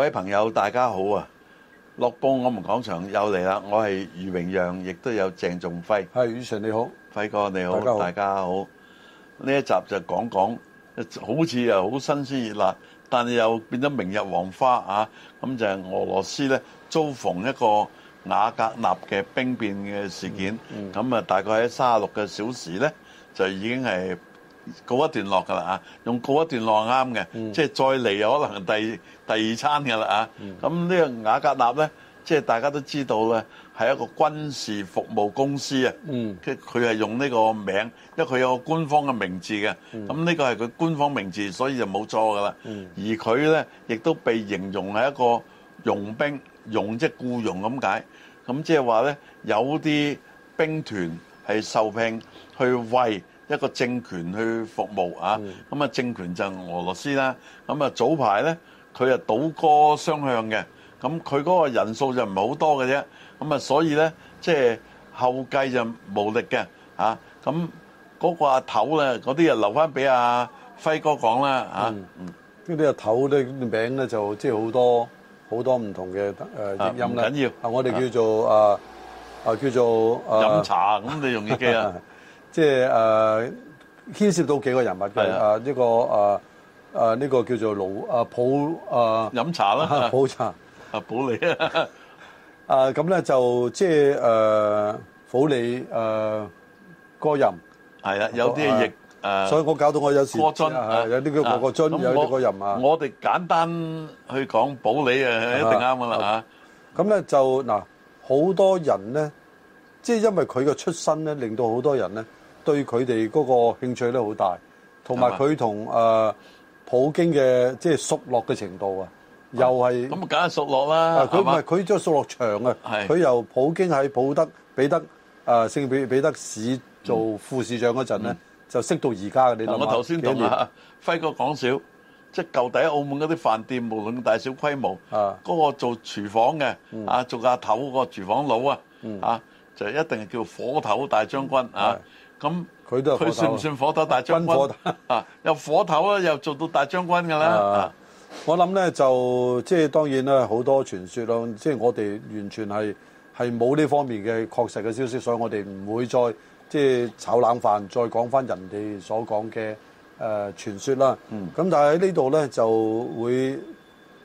各位朋友，大家好啊！樂報我們講場又嚟啦，我係余榮讓，亦都有鄭仲輝。係宇晨你好，輝哥你好，大家好。呢一集就講講，好似又好新鮮熱辣，但係又變咗明日黃花啊！咁就係俄羅斯咧遭逢一個瓦格納嘅兵變嘅事件，咁啊、嗯嗯、大概喺卅六個小時咧就已經係。告一段落噶啦啊，用告一段落係啱嘅，即係再嚟有可能第第二餐噶啦啊。咁呢個瓦格納咧，即係大家都知道咧，係一個軍事服務公司啊。佢佢係用呢個名，因為佢有個官方嘅名字嘅。咁呢個係佢官方名字，所以就冇錯噶啦。而佢咧亦都被形容係一個傭兵、傭即係僱傭咁解。咁即係話咧，有啲兵團係受聘去為一個政權去服務啊，咁啊政權就俄羅斯啦。咁啊早排咧，佢啊倒戈相向嘅，咁佢嗰個人數就唔係好多嘅啫。咁啊所以咧，即係後繼就無力嘅啊。咁嗰個阿頭咧，嗰啲啊留翻俾阿輝哥講啦啊。嗯嗯，呢啲阿頭咧名咧就即係好多好多唔同嘅誒譯音啦。唔緊要啊，我哋叫做啊啊叫做飲茶咁，你容易記啊。即係誒牽涉到幾個人物嘅，誒呢個誒誒呢個叫做老誒普誒飲茶啦，普茶啊，普理啊，咁咧就即係誒普理誒過人係啦，有啲係亦，所以我搞到我有時樽啊，有啲叫過過樽，有啲過人啊。我哋簡單去講普理啊，一定啱啦嚇。咁咧就嗱，好多人咧，即係因為佢嘅出身咧，令到好多人咧。對佢哋嗰個興趣都好大，同埋佢同誒普京嘅即係熟絡嘅程度啊，又係咁啊，梗係熟絡啦。佢唔係佢即係熟絡場啊。佢由普京喺普德彼得誒聖彼彼得市做副市長嗰陣咧，就識到而家嘅你諗。我頭先同阿輝哥講笑，即係舊底澳門嗰啲飯店，無論大小規模，嗰個做廚房嘅啊，做阿頭個廚房佬啊，啊就一定係叫火頭大將軍啊。咁佢都佢算唔算火頭大將軍？軍火 啊，又火頭啊，又做到大將軍噶啦。的啊、我諗咧，就即係當然啦，好多傳説咯。即係我哋完全係係冇呢方面嘅確實嘅消息，所以我哋唔會再即係炒冷飯，再講翻人哋所講嘅誒傳説啦。咁但係喺呢度咧就會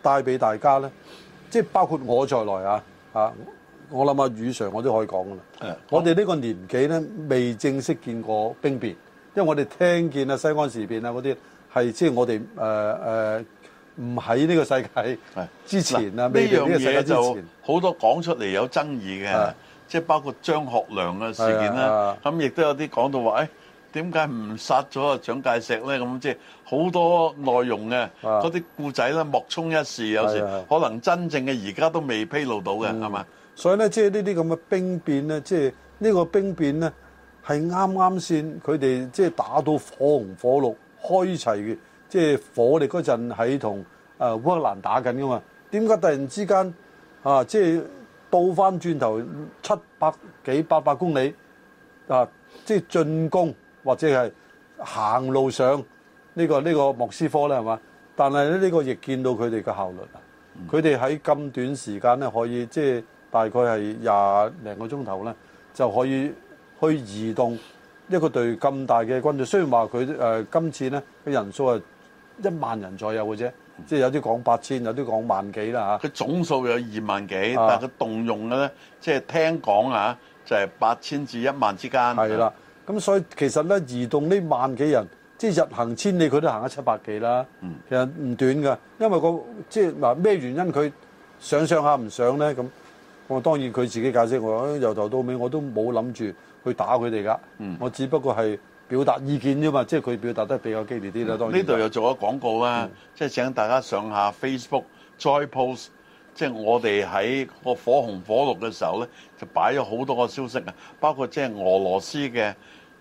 帶俾大家咧，即係包括我在內啊我諗下，余 Sir 我都可以講噶啦。我哋呢個年紀咧，未正式見過兵變，因為我哋聽見啊，西安事變啊嗰啲係即係我哋誒誒唔喺呢個世界之前啊，未喺呢個世界之前，好多講出嚟有爭議嘅，即係包括張學良嘅事件啦，咁亦都有啲講到話誒點解唔殺咗啊蔣介石咧？咁即係好多內容嘅嗰啲故仔咧，莫衷一是，有時可能真正嘅而家都未披露到嘅，係嘛？嗯，所以咧，即係呢啲咁嘅兵變咧，即係呢個兵變咧係啱啱先佢哋即係打到火紅火綠開齊嘅，即係火力嗰陣喺同啊烏克蘭打緊噶嘛？點解突然之間啊，即係倒翻轉頭七百幾八百公里啊，即係進攻？或者係行路上呢、呢個呢、呢個莫斯科咧，係嘛？但係咧呢個亦見到佢哋嘅效率啊！佢哋喺咁短時間咧，可以即係、就是、大概係廿零個鐘頭咧，就可以去移動一個隊咁大嘅軍隊。雖然話佢誒今次咧嘅人數係一萬人左右嘅啫，嗯、即係有啲講八千，有啲講萬幾啦嚇。佢總數有二萬幾，啊、但係佢動用嘅咧，即、就、係、是、聽講嚇就係八千至一萬之間。係啦。咁所以其實咧，移動呢萬幾人，即係日行千里，佢都行咗七百幾啦。嗯、其實唔短噶，因為個即係嗱咩原因佢想上下唔上咧咁。我當然佢自己解釋，我由頭到尾我都冇諗住去打佢哋噶。嗯、我只不過係表達意見啫嘛，即係佢表達得比較激烈啲啦。當然呢度、嗯、又做咗廣告啦，即係、嗯、請大家上下 Facebook 再 post，即係我哋喺個火紅火綠嘅時候咧，就擺咗好多個消息啊，包括即係俄羅斯嘅。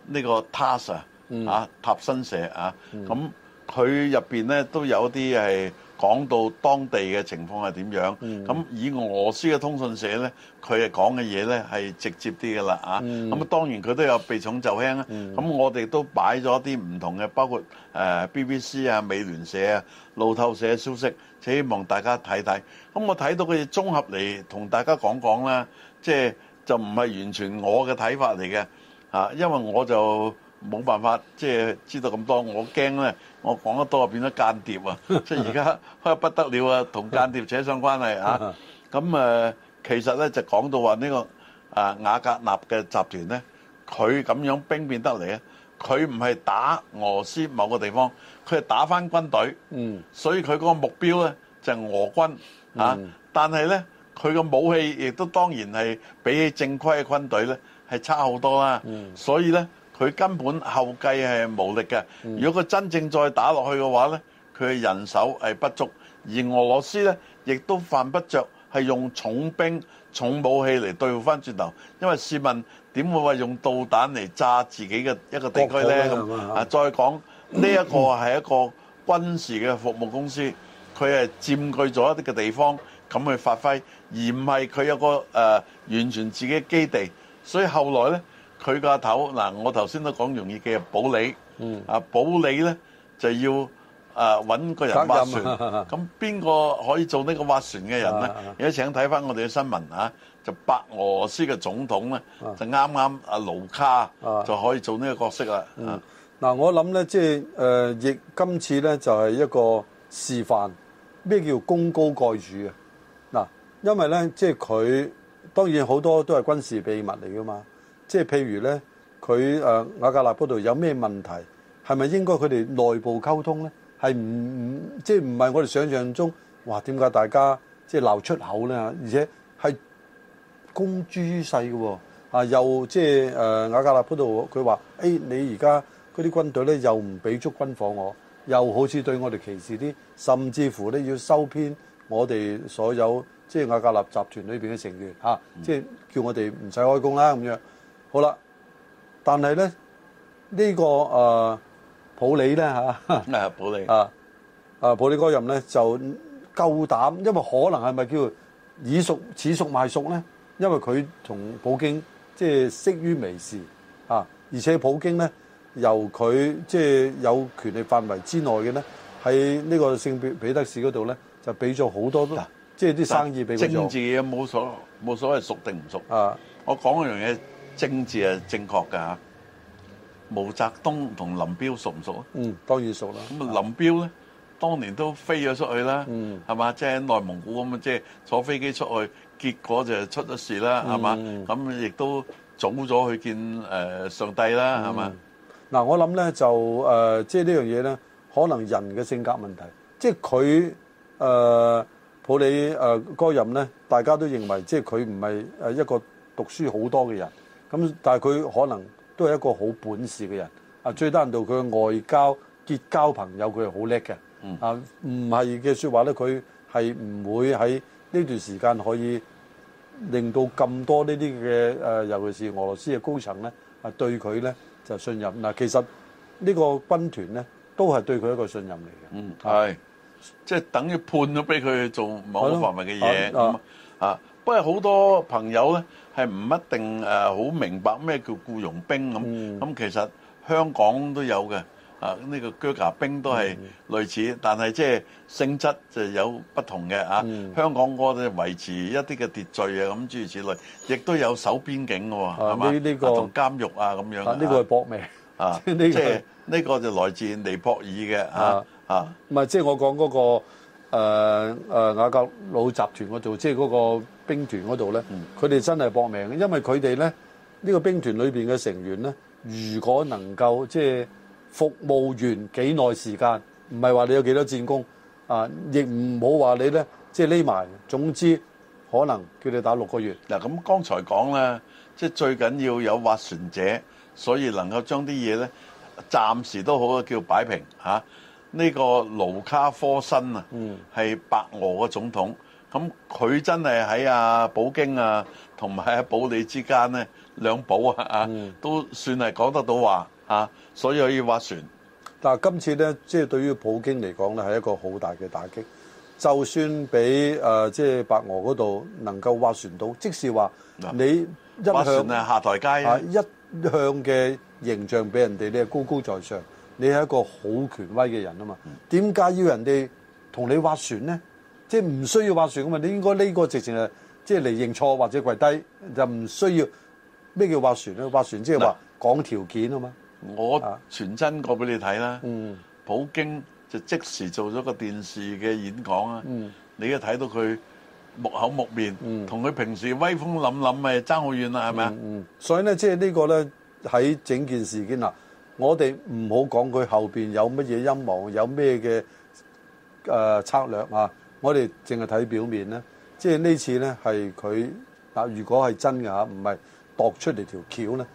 呢個 task 啊，啊塔新社啊，咁佢入面咧都有啲係講到當地嘅情況係點樣，咁、嗯、以俄斯嘅通訊社咧，佢係講嘅嘢咧係直接啲㗎啦，啊，咁、嗯啊、當然佢都有避重就輕啊，咁、嗯、我哋都擺咗啲唔同嘅，包括誒、呃、BBC 啊、美聯社啊、路透社消息，希望大家睇睇。咁我睇到佢哋綜合嚟同大家講講啦，即係就唔、是、係完全我嘅睇法嚟嘅。啊，因為我就冇辦法即係、就是、知道咁多，我驚咧，我講得多變咗間諜啊！即係而家開不得了啊，同間諜扯上關係啊！咁、啊、誒、啊，其實咧就講到話呢、這個啊瓦格納嘅集團咧，佢咁樣兵變得嚟咧，佢唔係打俄羅斯某個地方，佢係打返軍隊。嗯，所以佢嗰個目標咧就係、是、俄軍啊，嗯、但係咧佢個武器亦都當然係比起正規嘅軍隊咧。係差好多啦、嗯，所以呢，佢根本後繼係無力嘅。如果佢真正再打落去嘅話呢，佢嘅人手係不足，而俄羅斯呢，亦都犯不着係用重兵重武器嚟對付翻轉頭，因為試問點會話用導彈嚟炸自己嘅一個地區呢？啊？再講呢一個係一個軍事嘅服務公司，佢係佔據咗一啲嘅地方咁去發揮，而唔係佢有一個誒完全自己嘅基地。所以後來咧，佢個頭頭嗱、啊，我頭先都講容易嘅保理，嗯，啊保理咧就要啊揾個人挖船，咁邊個可以做呢個挖船嘅人咧？而家、啊啊、請睇翻我哋嘅新聞、啊、就白俄斯嘅總統咧，啊、就啱啱阿盧卡就可以做呢個角色啦。嗱，我諗咧，即係誒亦今次咧就係、是、一個示範，咩叫功高蓋主啊？嗱、啊，因為咧即係佢。當然好多都係軍事秘密嚟㗎嘛，即係譬如咧，佢誒瓦格納嗰度有咩問題，係咪應該佢哋內部溝通咧？係唔唔，即係唔係我哋想象中？哇！點解大家即係鬧出口咧？而且係公諸於世嘅喎，啊又即係誒瓦格納嗰度，佢話：誒你而家嗰啲軍隊咧又唔畀足軍火我，又好似對我哋歧視啲，甚至乎咧要收編我哋所有。即係瓦格納集團裏面嘅成員即係、嗯啊就是，叫我哋唔使開工啦咁樣。好啦，但係咧呢、這個誒普里咧嚇，普里啊啊普里利嗰、啊、任咧就夠膽，因為可能係咪叫以熟此熟賣熟咧？因為佢同普京即係、就是、識於微時啊，而且普京咧由佢即係有權力範圍之內嘅咧，喺呢個聖彼得彼得市嗰度咧就俾咗好多都。即係啲生意俾佢做，政治嘢冇所冇所謂熟定唔熟啊，我！我講嗰樣嘢政治係正確㗎嚇。毛澤東同林彪熟唔熟啊？嗯，當然熟啦。咁啊，林彪咧，啊、當年都飛咗出去啦，係嘛、嗯？即、就、係、是、內蒙古咁啊，即、就、係、是、坐飛機出去，結果就出咗事啦，係嘛、嗯？咁亦都早咗去見誒上帝啦，係嘛？嗱、嗯嗯啊，我諗咧就誒，即、呃、係、就是、呢樣嘢咧，可能人嘅性格問題，即係佢誒。呃普里戈任呢，大家都認為即係佢唔係一個讀書好多嘅人，咁但係佢可能都係一個好本事嘅人。啊，最難道佢嘅外交結交朋友，佢係好叻嘅。啊，唔係嘅說話呢，佢係唔會喺呢段時間可以令到咁多呢啲嘅尤其是俄羅斯嘅高層呢，啊對佢呢就信任嗱、啊。其實呢個軍團呢，都係對佢一個信任嚟嘅。嗯，係。即係等於判咗俾佢做某範圍嘅嘢咁啊，不過好多朋友咧係唔一定誒好明白咩叫僱傭兵咁咁，其實香港都有嘅啊，呢個啹喀兵都係類似，但係即係性質就有不同嘅啊。香港嗰啲維持一啲嘅秩序啊，咁諸如此類，亦都有守邊境嘅喎，係嘛？同監獄啊咁樣啊。呢個係搏命啊！即係呢個就來自尼泊爾嘅啊。啊！唔係即係我講嗰、那個誒誒瓦格納集團嗰度，即係嗰個兵團嗰度咧，佢哋真係搏命嘅，因為佢哋咧呢、這個兵團裏邊嘅成員咧，如果能夠即係服務完幾耐時間，唔係話你有幾多戰功啊，亦唔好話你咧即係匿埋。總之可能叫你打六個月嗱。咁、啊、剛才講咧，即係最緊要有劃船者，所以能夠將啲嘢咧暫時都好嘅叫擺平嚇。啊。呢個盧卡科申啊，係白俄嘅總統，咁佢、嗯、真係喺啊普京啊同埋阿保利之間咧兩寶啊，嗯、都算係講得到話啊，所以可以斡旋。但係今次咧，即、就、係、是、對於普京嚟講咧，係一個好大嘅打擊。就算俾誒即係白俄嗰度能夠斡旋到，即使話你一向咧、啊、下台階，啊，一向嘅形象俾人哋咧高高在上。你係一個好權威嘅人啊嘛，點解要人哋同你劃船咧？即係唔需要劃船噶嘛，你應該呢個直情係即係嚟認錯或者跪低，就唔需要咩叫劃船咧？劃船即係話講條件啊嘛，我傳真過俾你睇啦。嗯，普京就即時做咗個電視嘅演講啊。嗯，你都睇到佢木口木面，同佢、嗯、平時威風凜凜咪爭好遠啦，係咪啊？嗯，所以咧，即係呢個咧喺整件事件啊。我哋唔好講佢後面有乜嘢陰謀，有咩嘅誒策略啊！我哋淨係睇表面咧，即係呢次咧係佢嗱，如果係真嘅嚇，唔係度出嚟條橋咧，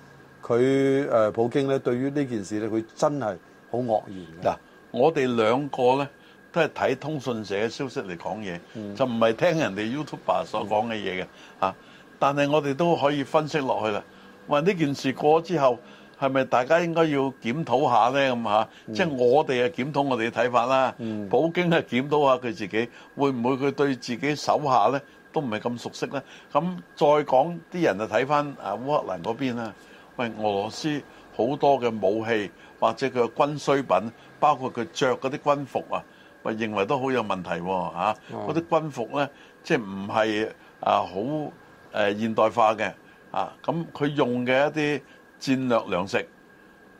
佢誒、呃、普京咧對於呢件事咧，佢真係好愕然。嗱，yeah。我哋兩個咧都係睇通訊社嘅消息嚟講嘢，mm. 就唔係聽人哋 YouTuber 所講嘅嘢嘅嚇。但係我哋都可以分析落去啦。話呢件事過咗之後。係咪大家應該要檢討下呢咁嚇？即係我哋嘅檢討我哋嘅睇法啦。普京係檢討下佢自己，會唔會佢對自己手下呢都唔係咁熟悉呢？咁再講啲人就睇翻啊烏克蘭嗰邊啦。喂，俄羅斯好多嘅武器或者佢嘅軍需品，包括佢著嗰啲軍服啊，我認為都好有問題喎嚇。嗰啲軍服呢，即係唔係啊好誒現代化嘅啊？咁佢用嘅一啲。戰略糧食，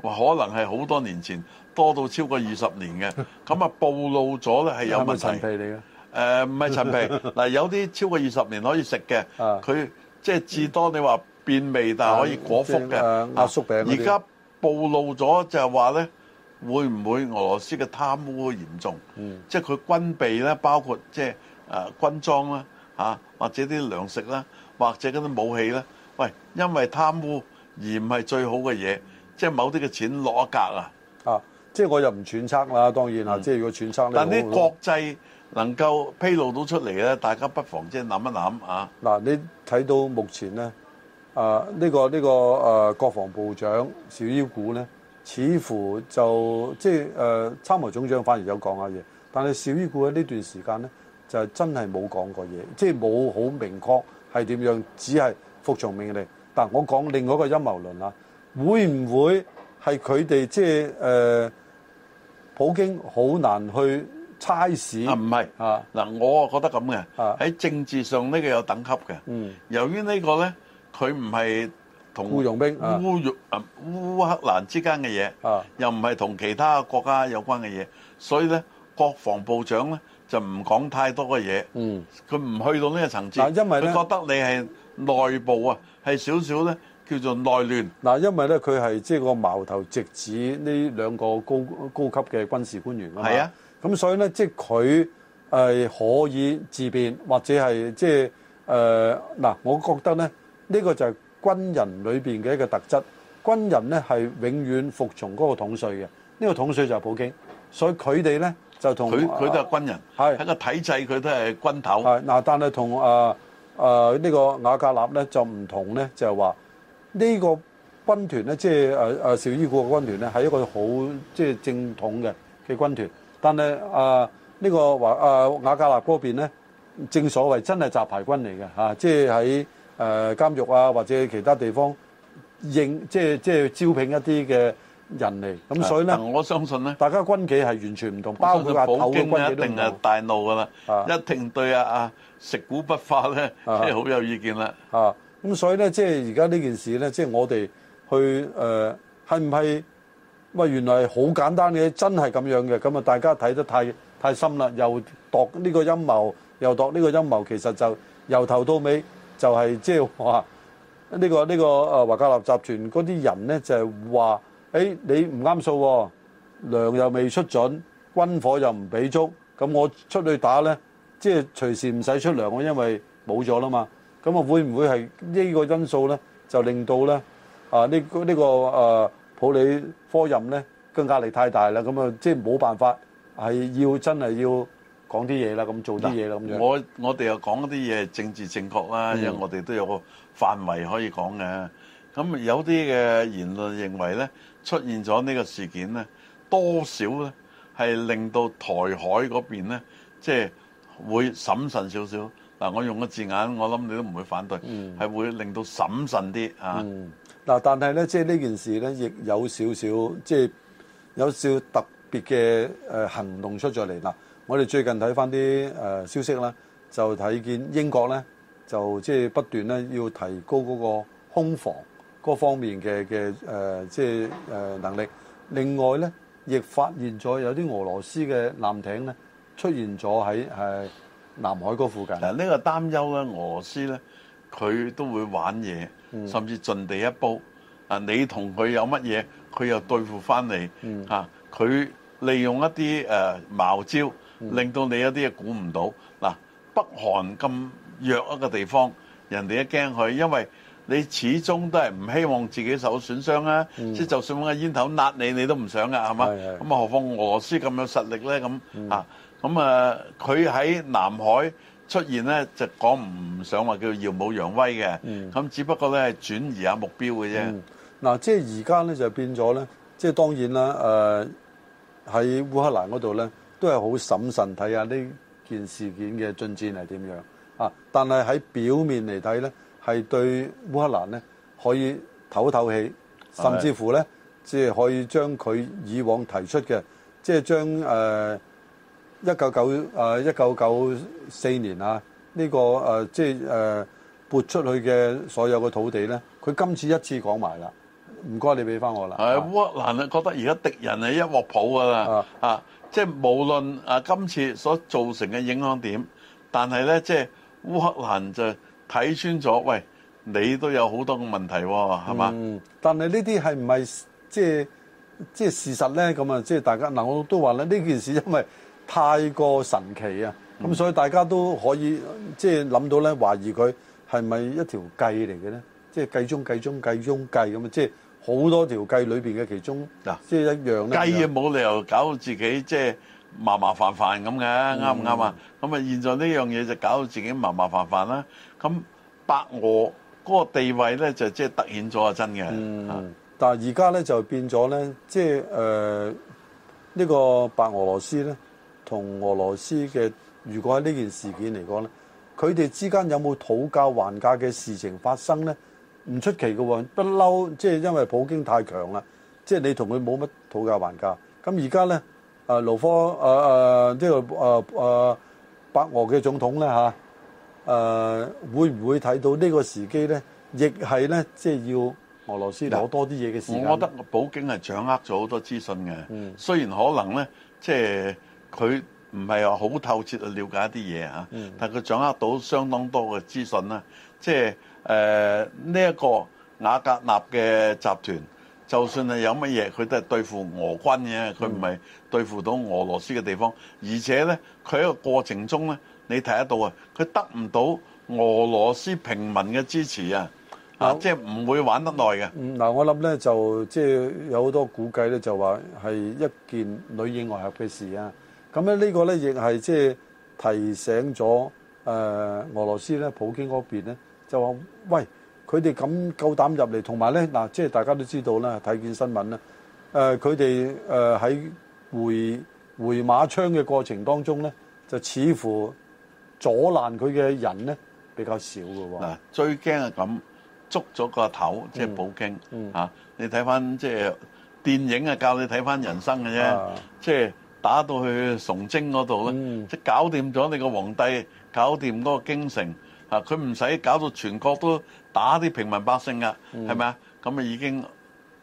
可能係好多年前多到超過二十年嘅，咁啊 暴露咗咧，係有問題。係唔係陳皮嚟嘅？誒唔係陳皮嗱、 呃，有啲超過二十年可以食嘅，佢 即係至多你話變味，但係可以果腹嘅壓縮餅。而家、啊啊、暴露咗就係話咧，會唔會俄羅斯嘅貪污好嚴重？嗯、即係佢軍備咧，包括即係誒軍裝啦，嚇或者啲糧食啦，或者嗰啲武器咧，喂，因為貪污。而唔係最好嘅嘢，即係某啲嘅錢落一格啊！啊，即係我又唔揣測啦，當然啊，即係如果揣測咧。但啲國際能夠披露到出嚟咧，大家不妨即係諗一諗啊！嗱，你睇到目前咧，啊呢、呢個呢、呢個啊、呃、國防部長紹伊古咧，似乎就即係誒參謀總長反而有講下嘢，但係紹伊古喺呢段時間咧，就真係冇講過嘢，即係冇好明確係點樣，只係服從命令。但係我講另外一個陰謀論啦，會唔會係佢哋即係誒普京好難去猜事？啊，唔係啊！嗱，我啊覺得咁嘅喺政治上呢個有等級嘅。嗯，由於呢個咧，佢唔係同僱傭兵、烏烏克蘭之間嘅嘢，又唔係同其他國家有關嘅嘢，所以咧國防部長咧就唔講太多嘅嘢。嗯，佢唔去到呢個層次，因為佢覺得你係內部啊。係少少咧，叫做內亂嗱，因為咧佢係即係個矛頭直指呢兩個高高級嘅軍事官員啊，係啊，咁所以咧，即係佢係可以自變，或者係即係誒嗱，我覺得咧，呢個就係軍人裏面嘅一個特質。軍人咧係永遠服從嗰個統帥嘅，呢個統帥就係普京，所以佢哋咧就同佢佢都係軍人，係喺個體制佢都係軍頭。係嗱，但係同阿。呃誒呢、呃、個瓦格納咧就唔同咧，就係話呢個軍團咧，即係誒誒紹伊古嘅軍團咧，係一個好即係正統嘅嘅軍團，但係啊呢個華啊瓦格納嗰邊咧，正所謂真係雜牌軍嚟嘅嚇，即係喺誒監獄啊或者其他地方即即係招聘一啲嘅。人嚟，咁所以咧，我相信咧，大家軍企係完全唔同，包括普京一定係大怒噶啦，一定對啊啊食古不化咧，係好有意見啦。咁、啊啊啊嗯、所以咧，即係而家呢件事咧，即係我哋去誒係唔係？咪、呃、原來好簡單嘅，真係咁樣嘅，咁啊大家睇得太太深啦，又度呢個陰謀，又度呢個陰謀，其實就由頭到尾就係、是、即係話呢個呢、呢個啊、呢個、華格納集團嗰啲人咧就係話。誒你唔啱數，糧又未出準，軍火又唔俾足，咁我出去打咧，即係隨時唔使出糧，我因為冇咗啦嘛。咁啊會唔會係呢個因素咧，就令到咧啊呢個呢個啊普里科任咧嘅壓力太大啦？咁啊即係冇辦法係要真係要講啲嘢啦，咁做啲嘢咁樣。我我哋又講啲嘢政治正確啦，因為我哋都有個範圍可以講嘅。咁有啲嘅言論認為咧。出現咗呢個事件咧，多少咧係令到台海嗰邊咧，即係會審慎少少。嗱，我用個字眼，我諗你都唔會反對，係、嗯、會令到審慎啲、嗯、啊。嗱，但係咧，即係呢件事咧，亦有少少即係有少少特別嘅誒行動出咗嚟。嗱，我哋最近睇返啲誒消息啦，就睇見英國咧，就即係不斷咧要提高嗰個空防。各方面嘅嘅誒，即係誒能力。另外咧，亦發現咗有啲俄羅斯嘅艦艇咧出現咗喺誒南海嗰附近、呃。嗱，呢個擔憂咧，俄羅斯咧佢都會玩嘢，嗯、甚至盡地一煲。啊，你同佢有乜嘢，佢又對付翻你。嚇、嗯啊，佢利用一啲誒茅招，令到你有啲嘢估唔到。嗱、呃，北韓咁弱一個地方，人哋一驚佢，因為你始終都係唔希望自己受損傷啊！即係、嗯、就算用個煙頭揦你，你都唔想㗎，係嘛？咁啊，是是是何況俄羅斯咁有實力咧？咁、嗯、啊，咁啊，佢、啊、喺南海出現咧，就講唔想話叫耀武揚威嘅。咁、嗯、只不過咧係轉移下目標嘅啫。嗱、嗯啊，即係而家咧就變咗咧，即係當然啦。誒、呃，喺烏克蘭嗰度咧，都係好審慎睇下呢件事件嘅進展係點樣啊。但係喺表面嚟睇咧。係對烏克蘭咧，可以唞唞氣，甚至乎咧，即係可以將佢以往提出嘅，即係將誒一九九誒一九九四年啊，呢個誒即係誒撥出去嘅所有嘅土地咧，佢今次一次講埋啦，唔該你俾翻我啦。誒烏克蘭啊，覺得而家敵人係一鑊泡噶啦，是啊，即係無論啊今次所造成嘅影響點，但係咧即係烏克蘭就。睇穿咗，喂，你都有好多個問題喎，係咪、嗯？但係呢啲係唔係即係即係事實咧？咁啊，即係大家嗱，我都話咧，呢件事因為太過神奇啊，咁、嗯、所以大家都可以即係諗到咧，懷疑佢係咪一條計嚟嘅咧？即係計中計中計中計咁啊！即係好多條計裏邊嘅其中嗱，啊、即係一樣咧。計啊，冇理由搞到自己即係。麻麻煩煩咁嘅，啱唔啱啊？咁啊、嗯，現在呢樣嘢就搞到自己麻麻煩煩啦。咁白俄嗰個地位咧，就即係突顯咗啊，真嘅。嗯，但係而家咧就變咗咧，即係誒呢個白俄羅斯咧，同俄羅斯嘅，如果喺呢件事件嚟講咧，佢哋、啊、之間有冇討價還價嘅事情發生咧？唔出奇嘅喎，不嬲，即係因為普京太強啦，即係你同佢冇乜討價還價。咁而家咧。誒盧科誒誒即係誒誒白俄嘅總統咧，嚇，誒會唔會睇到呢個時機咧？亦係咧，即係要俄羅斯攞多啲嘢嘅時間。我覺得普京係掌握咗好多資訊嘅。嗯，雖然可能咧，即係佢唔係話好透徹去了解一啲嘢嚇，嗯，但係佢掌握到相當多嘅資訊啦。即係誒呢一個瓦格納嘅集團。就算係有乜嘢，佢都係對付俄軍嘅，佢唔係對付到俄羅斯嘅地方。嗯、而且呢，佢喺個過程中呢，你睇得到啊，佢得唔到俄羅斯平民嘅支持、嗯、啊，啊，即係唔會玩得耐嘅、嗯。嗯，嗱，我諗呢，就即係、就係、有好多估計呢，就話係一件內應外合嘅事啊。咁咧呢個呢，亦係即係提醒咗誒、呃、俄羅斯呢，普京嗰邊呢，就話喂。佢哋咁夠膽入嚟，同埋咧嗱，即係大家都知道啦。睇見新聞啦，誒佢哋誒喺回回馬槍嘅過程當中咧，就似乎阻攔佢嘅人咧比較少㗎喎。嗱，最驚係咁捉咗個頭，即、就、係、是、普京嚇、嗯嗯啊。你睇翻即係電影啊，教你睇翻人生嘅啫，即係打到去崇禎嗰度咧，即係、嗯、搞掂咗你個皇帝，搞掂嗰個京城啊，佢唔使搞到全國都。打啲平民百姓啊，係咪啊？咁啊已經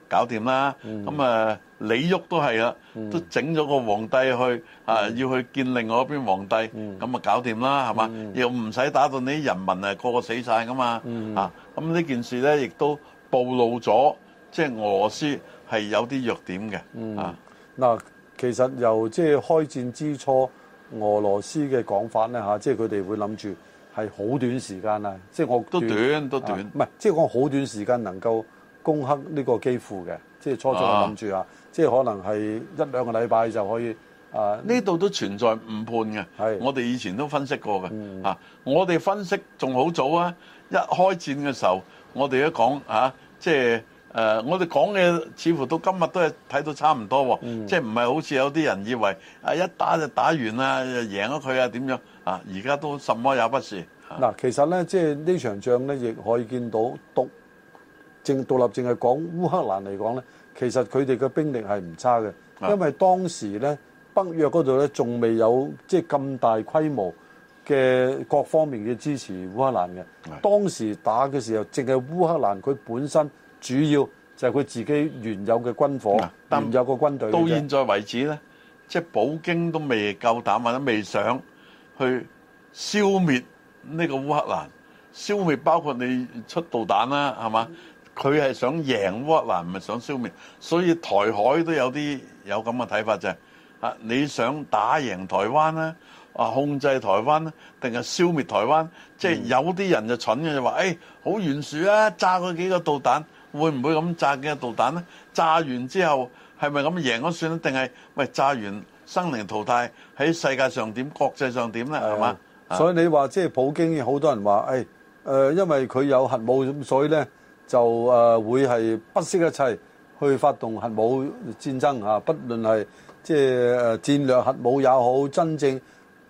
搞掂啦。咁啊，李煜都係啊，嗯、都整咗個皇帝去、嗯、啊，要去見另外一邊皇帝，咁啊、嗯、搞掂啦，係嘛？嗯、又唔使打到你啲人民啊，個個死晒噶嘛。嗯、啊，咁呢件事咧亦都暴露咗，即、就、係、是、俄羅斯係有啲弱點嘅。嗯、啊，嗱，其實由即係開戰之初，俄羅斯嘅講法咧嚇，即係佢哋會諗住。係好短時間啦，即係我都短都短，唔、啊、即係我好短時間能夠攻克呢個基輔嘅，即係初初我諗住啊，即係可能係一兩個禮拜就可以啊。呢度都存在誤判嘅，係我哋以前都分析過嘅、嗯、啊，我哋分析仲好早啊，一開戰嘅時候，我哋都講啊，即係。誒、呃，我哋講嘅似乎到今日都係睇到差唔多喎、哦，嗯、即係唔係好似有啲人以為啊，一打就打完啦，贏咗佢啊點樣啊？而家都什麼也不是。嗱、啊，其實呢，即係呢場仗呢，亦可以見到獨、獨立，淨係講烏克蘭嚟講呢，其實佢哋嘅兵力係唔差嘅，啊、因為當時呢，北約嗰度呢，仲未有即係咁大規模嘅各方面嘅支持烏克蘭嘅。是當時打嘅時候，淨係烏克蘭佢本身。主要就佢自己原有嘅軍火，但有個軍隊。到現在為止呢，即係普京都未夠膽或者未想去消滅呢個烏克蘭，消滅包括你出導彈啦，係嘛？佢係想贏烏克蘭，唔係想消滅。所以台海都有啲有咁嘅睇法就係：嚇你想打贏台灣咧，啊控制台灣咧，定係消滅台灣？即係、嗯、有啲人就蠢嘅，就話：誒、欸、好懸殊啊，炸佢幾個導彈！會唔會咁炸嘅導彈呢？炸完之後係咪咁贏咗算呢？定係喂，炸完生靈淘汰喺世界上點？國際上點呢？係嘛？所以你話即係普京，好多人話誒誒，因為佢有核武，所以呢就誒會係不惜一切去發動核武戰爭吓！不論係即係誒戰略核武也好，真正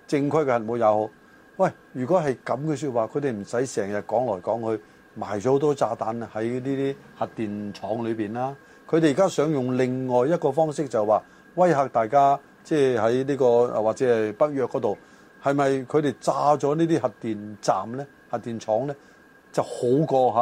正規嘅核武也好。喂，如果係咁嘅説話，佢哋唔使成日講來講去。埋咗好多炸彈喺呢啲核電廠裏面啦，佢哋而家想用另外一個方式就話威嚇大家，即係喺呢個或者係北約嗰度，係咪佢哋炸咗呢啲核電站咧、核電廠咧，就好過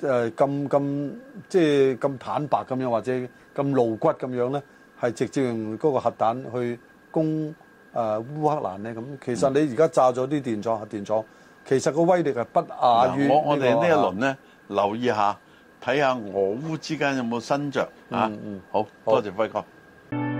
嚇誒咁咁即係咁坦白咁樣，或者咁露骨咁樣咧，係直接用嗰個核彈去攻、呃、烏克蘭咧？咁其實你而家炸咗啲電廠、核電廠。其實個威力係不亞於、呢個、我我哋呢一輪咧，留意下，睇下俄烏之間有冇新着。啊、嗯！嗯、好，好多謝輝哥。